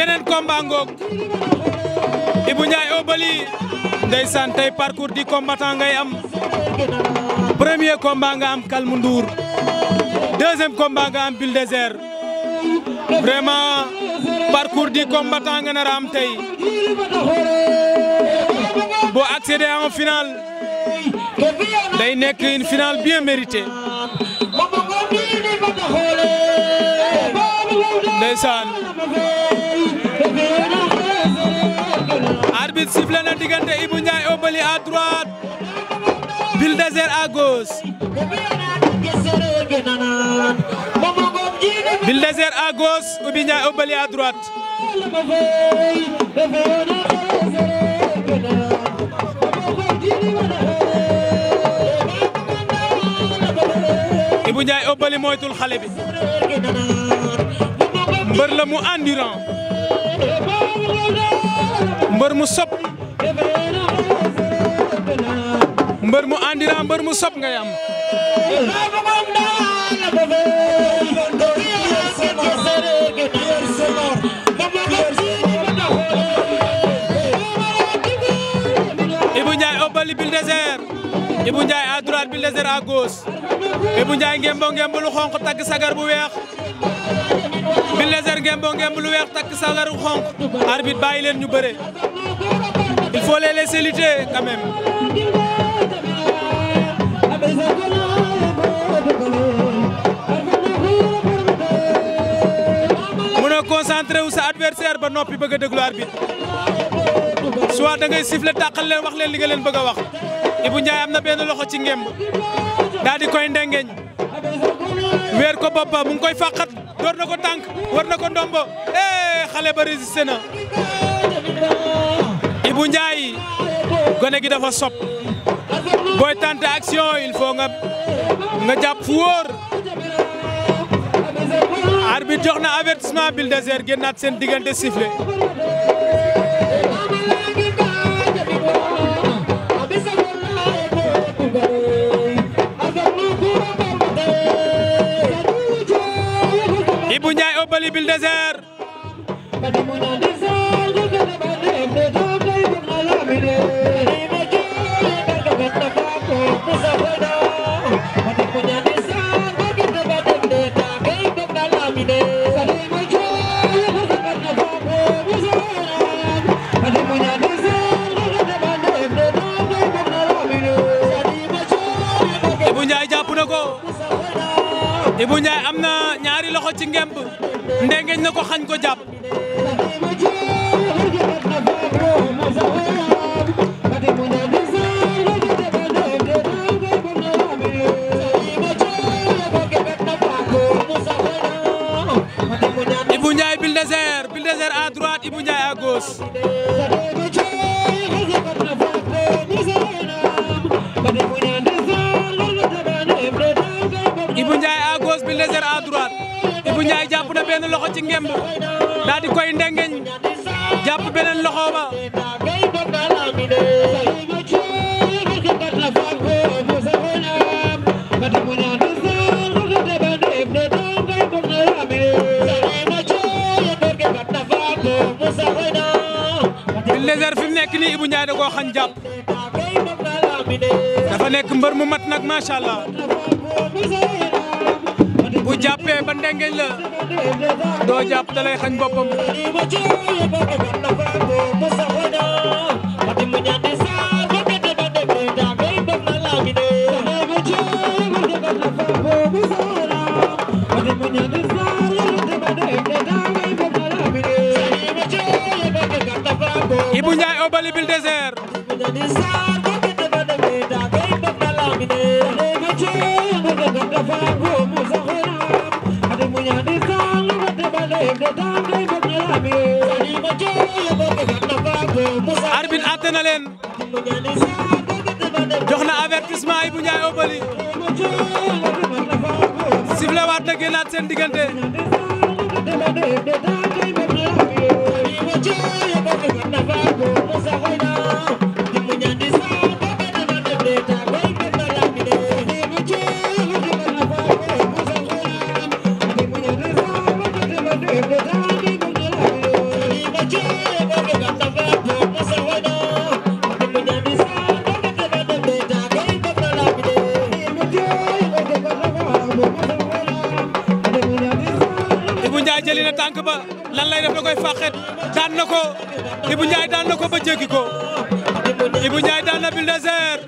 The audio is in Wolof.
beneen combat ngoog Ibou Ndiaye Obali ndeysaan tey parcours du combattant ngay am premier combat nga am Calme Ndour deuxième am Bulldozer vraiment parcours du combattant nga tey boo accédé en finale day nekk une finale bien méritée ndeysaan arbitre sifflé na diggante Ibou Ndiaye Obali à droite Buldozer à gauche Buldozer à gauche Ibou Ndiaye Obali à droite Ibou Ndiaye Obali moytul xale mbër la mu endurant mbër mu sob mbër mu endurant mbër mu sob ngay am Ibou Ndiaye Obali Bulldozer Ibou Ndiaye à xonq tagg sagar bu weex Bill Laser ngeen boo ngeen lu weex takk sagaru xonq arbitre bàyyi leen ñu bëre il faut les laisser lutter quand même. wu sa adversaire ba noppi bëgg a déglu arbitre soit da ngay le tàqal leen wax leen li nga leen bëgg a wax Ibou am na benn loxo ci ngemb daal koy ndengeñ. weer ko boppa ba mu ngi koy fàqat door na ko tànk war na ko ndombo eh xale ba résisté na Ibou Ndiaye gone gi dafa sob booy tenter action il faut nga nga jàpp fu wóor arbitre jox na avertissement Bulldozer génnaat seen diggante sifflé Bulldozer Ibou Ndiaye am na ñaari loxo ci ngemb ndengeñ na ko xañ ko jàpp Ibou Ndiaye Buldozer Buldozer à droite Ibou Ndiaye à gauche Ndiaye jàpp na benn loxo ci ngemb daal koy ndengeñ jàpp beneen loxo ba Bulldozer fi mu nekk nii Ibou Ndiaye da koo jàpp dafa nekk mbër mu mat nag macha bu jàppee ba ndengeñ la doo jàpp da lay xañ boppam. Ibou Ndiaye au Bally Bulldozer arbitre atte na leen jox na avertissement Ibou Ndiaye Obali sifflé waat na génnaat seen diggante Ndiaye jëli na tànk ba lan lay def da koy fàqet daan na ko Ibou Ndiaye daan na ko ba jéggi ko Ibou Ndiaye daan na Bulldozer